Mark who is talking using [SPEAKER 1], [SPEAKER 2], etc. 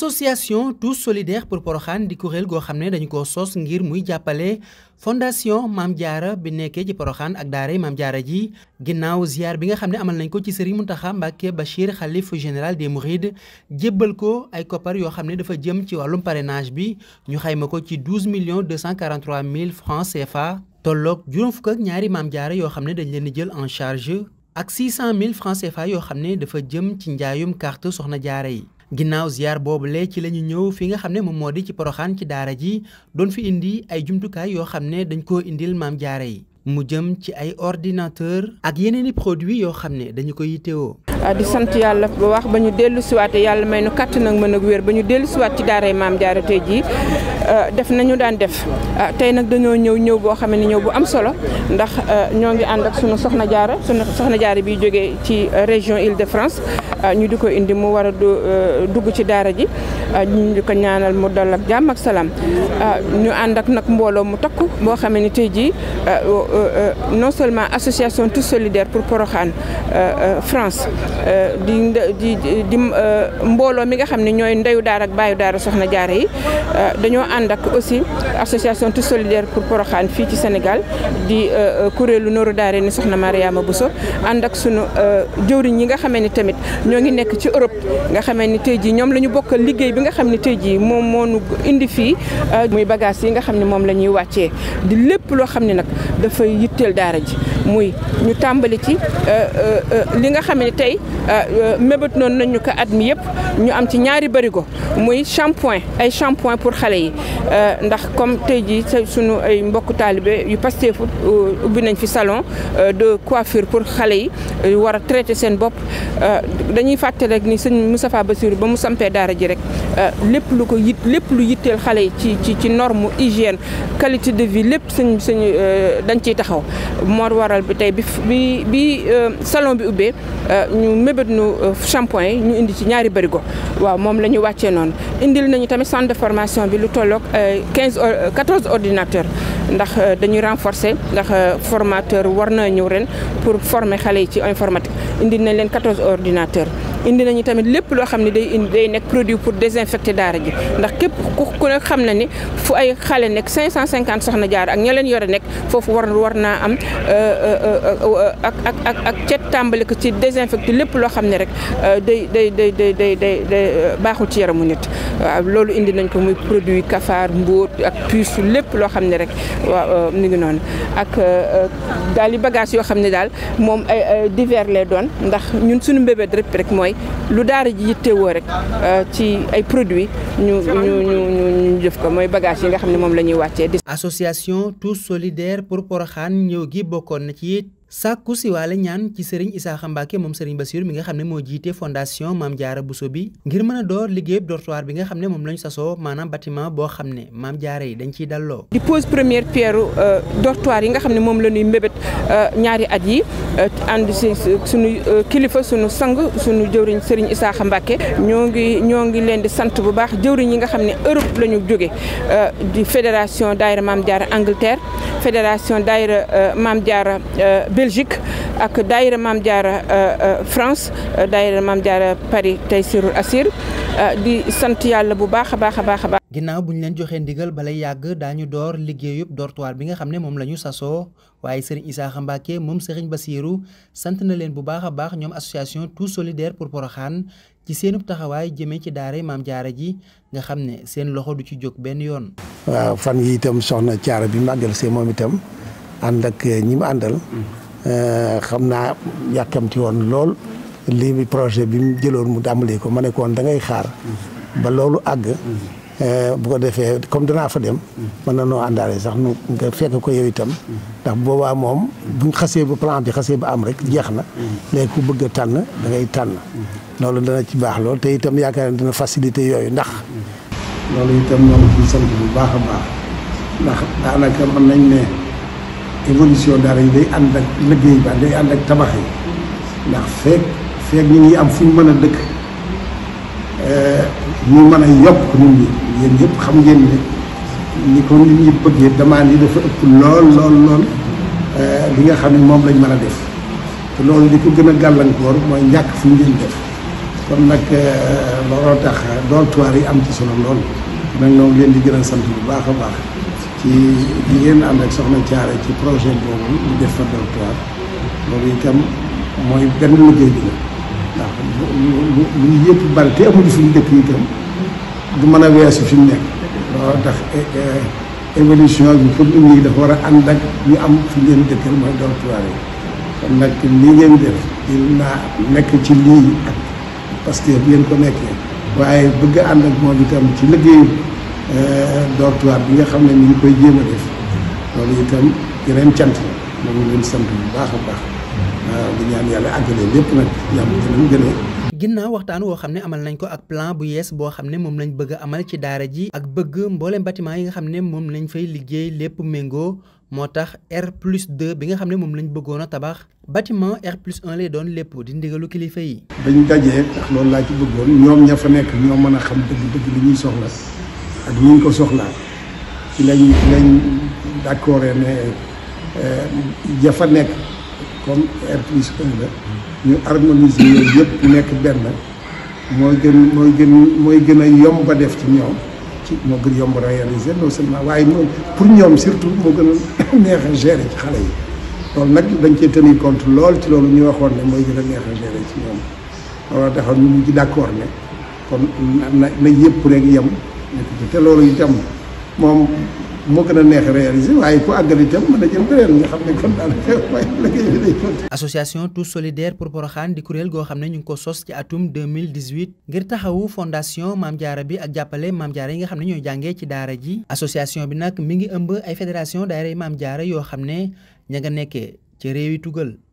[SPEAKER 1] association tous solidaires pour Porokhane di kuréel goo xam ne dañu ko sos ngir muy jàppale fondation Maam Jaara bi nekkee ci Porokhane ak daara Maam Jaara ji ginnaaw ziar bi nga xam ne amal nañ ko ci Serigne Mountakha Mbacké Bachir xalif général des Mourides jébbal ko ay koppar yoo xam ne dafa jëm ci wàllum parrainage bi ñu xayma ko ci 12 millions 243 mille francs CFA tolloog juróom fukk ak ñaari Maam Jaara yoo xam ne dañu leen di jël en charge ak 600 mille francs CFA yoo xam ne dafa jëm ci njaayum carte soxna jaara yi ginnaaw ziar boobule ci la ñu ñëw fi nga xam ne moom moo di ci poroxaan ci daara ji doon fi indi ay jumtukaay yoo xam ne dañ koo indil maam jaara yi mu jëm ci ay ordinateur ak yeneen i produits yoo xam ne dañu ko yitewoo Ah, di sant yàlla
[SPEAKER 2] bu wax ba ñu dellu siwaat yàlla may nu kàttan nag mën ak wér ba ñu dellu siwaat ci daaray maam jaara tey jii ah, def nañu daan def ah, tey nag dañoo ñëw ñëw boo xam ni ñëw bu am solo ndax ñoo ngi ànd ak sunu soxna jaara sunu soxna jaara bi jógee ci région Île-de-France ñu di ko indi mu war a dugg ci daara ji ñu di ko ñaanal mu dal ak jàmm ak salaam ñu ànd ak nag mbooloo mu takku boo xam ne tey jii non seulement association tous solidaire pour Porokhane France Euh, di di di euh, mbooloo mi nga xam ne ñooy ndeyu daar ak baayu daara soxna jaare yi euh, dañoo ànd ak aussi association tout solidaire pour Porokhane fii ci Sénégal di kuréelu nooru daare ni soxna bu Bousso ànd ak sunu jëwriñ yi nga xamee ni tamit ñoo ngi nekk ci Europe nga xamee ni tey jii ñoom la ñu bokkal liggéey bi nga xam ne tey jii moom moo nu indi fii muy bagage yi nga xam ne moom la ñuy wàccee di lépp loo xam ni nag dafay yitteel daara ji muy ñu tàmbali ci li nga xam tey Euh, euh, mébét noonu nañu ko at mi yëpp ñu am ci ñaari barigo muy shampoing ay shampoing pour xale yi euh, ndax comme tey jii sunu ay mbokku taalibe yu Pastef ubbi nañ fi salon de coiffure pour xale yi war a traité seen bopp dañuy fàttali rek ni sëñ Moustapha Bassirou ba mu sampee daara ji rek lépp lu ko yit lépp lu yitteel xale yi ci ci ci norme hygiène qualité de vie lépp sëñ sëñ dañ ciy taxaw salon bi ubbee ñu nu euh, shampoing yi ñu indi ci ñaari bërigo waaw moom la ñu wàccee noonu indil nañu tamit centre de formation bi lu tollook 15 euh, 14 euh, ordinateurs ndax dañuy renforcer ndax formateur war na ñëw ren pour former xale yi ci informatique indi nañ leen 14 ordinateurs indi nañu tamit lépp loo xam ne day indi day nekk produit pour désinfecter daara ji ndax képp ku ku xam na ni fu ay xale nekk 550 soxna jaar ak ña yore nekk foofu war war naa am euh, euh, euh, ak ak ak ak cet tàmbali ko ci désinfecter lépp loo xam ne rek day day day day day day baaxul ci yaramu nit waaw loolu indi nañ ko muy produit kafaar mbóot ak puce lépp loo xam ne rek waaw mi ngi noonu ak daal yi bagage yoo xam ne daal moom ay divers le doon ndax ñun suñu mbébét rek mooy lu daara ji yittewoo rek euh, ci ay produits ñu ñu ñu ñu jëf ko mooy bagage yi nga xam ne moom la ñuy wàccee. association
[SPEAKER 1] tout solidaires pour pour Porokhane ñëw gi bokkoon na ci sàkku siwaale ñaan ci sëriñ Isaaxa Mbàkke moom sëriñ Basiir mi nga xam ne moo jiite fondation Maam Jaara Buso bi ngir mën a door liggéeyub dortoir bi nga xam ne moom lañu sasoo maanaam bâtiment boo xam ne Maam Jaara yi dañ ciy dalloo di
[SPEAKER 2] pose première pierre euh, dortoir yi nga xam ne moom la ñuy mbébét euh, ñaari at yi and euh, si suñu kilifa suñu sang suñu jëwriñ sëriñ Isaaxa Mbàkke ñoo ngi ñoo ngi leen di sant bu baax jëwriñ yi nga xam ne Europe la ñu jóge di fédération daayira Maam Jaara Angleterre fédération daayira Maam Jaara Belgique ak daayira Maam Jaara euh, euh, France euh, daayira Maam Jaara Paris Taysirul Assir di sant
[SPEAKER 1] yàlla bu baax a baax a baax a baax. ginnaaw bu ñu leen joxee ndigal balay yàgg daañu door liggéeyub dortoir bi nga xam ne moom la ñu sasoo waaye Serigne Issakha Mbacké moom Serigne Bassirou sant na leen bu baax a baax ñoom association tout solidaire pour pour Porokhane ci seenub taxawaay jëmee ci daara Maam Jaara ji nga xam ne seen loxo du ci jóg benn yoon.
[SPEAKER 3] waaw fan yi itam soxna Thiara bi mu àggal see moom itam ànd ak ñi Euh, xam naa yàkkamti woon lool lii bi projet bi mu jëloon mu tàmbali ko ma nekkoon koon da ngay xaar ba loolu àgg euh, bu ko defee comme danaa fa dem mën na noo àndaale sax nu nga fekk ko yow itam ndax waa moom buñ xasee ba plan xasee ba am rek jeex na léegi ku bëgg a tànn da ngay tànn loolu dana ci baax lool te itam yaakaar ne dina facilité yooyu ndax loolu itam ñoo ngi ciy bu baax a baax ndax daanaka mën nañ ne évolution daara yi day ànd ak liggéey ba ànd ak tabax yi ndax feeg feeg ñu ngi am fu ñu mën a dëkk ñu eh, mën a yokk nit ñi yéen ñëpp xam ngeen ne ni ko nit ñi bëggee demande yi dafa ëpp lool lool lool eh, li nga xam ne moom lañ mën a def te loolu li ko gën a gàllankoor mooy njàkk fu ñu leen def kon nag eh, looloo tax dortoir yi am ci solo lool nag ñoo ngi leen di gën a sant bu baax a baax. ci di ngeen ànd ak soxna Thiaré ci projet boobu ñu def fa docteur loolu itam mooy benn liggéey bi la ndax lu lu yëpp bari te amuñu suñu dëkk yi itam du mën a weesu fi mu nekk loolu tax eh, eh, évolution bi comme ni dafa war a ànd ak ñu am fi ngeen dëkkal mooy docteur yi kon nag lii ngeen def il nekk ci lii ak parce que yéen ko nekkee waaye bëgg ànd ak moom itam ci liggéey Euh, dortoir bi nga xam ne ñu ngi koy jéem def loolu itam yeneen cant la moom leen sant bu baax a baax di ñaan yàlla àggale lépp nag yàlla dinañ gën a
[SPEAKER 1] ginnaaw waxtaan woo xam ne amal nañ ko ak plan bu yees boo xam ne moom lañ bëgg amal ci daara ji ak bëgg mbooleem bâtiment yi nga xam ne moom lañ fay liggéey lépp méngoo moo tax R plus 2 bi nga xam ne moom lañ bëggoon a tabax bâtiment R plus 1 lay doon lépp di ndigalu kilifa yi.
[SPEAKER 3] dañ dajee tax laa ci bëggoon ñoom ña fa ñoo mën a xam ak ñu ngi ko soxlaa ci lañ lañ d'accord ne euh, jafa nekk comme R plus 1 la ñu harmoniser yooyu nekk benn mooy gën mooy gën mooy gën a yomb ba def ci ñoom ci moo gën yomb réaliser non seulement waaye moom pour surtout moo gën a neex a gérer yi loolu nag dañ cee tenir compte lool ci loolu ñu waxoon ne mooy gën a neex a gérer ci ñoom loolu taxaw ñu ngi ci d'accord ne kon na na yëpp rek yem te loolu itam moom moo gën a neex réaliser waaye ku àggal itam mën a jël beneen nga xam ne kon daanaka waaye liggéey
[SPEAKER 1] bi day kon association tous solidaires pour Porokhane di kuréel goo xam ne ñu ngi ko sos ci atum 2018 ngir taxawu fondation Maam Jaara bi ak jàppale Maam Jaara yi nga xam ne ñooy jàngee ci daara ji association bi nag mi ngi ëmb ay fédération daara yi Maam Jaara yoo xam ne ña nga nekkee ci yi tugal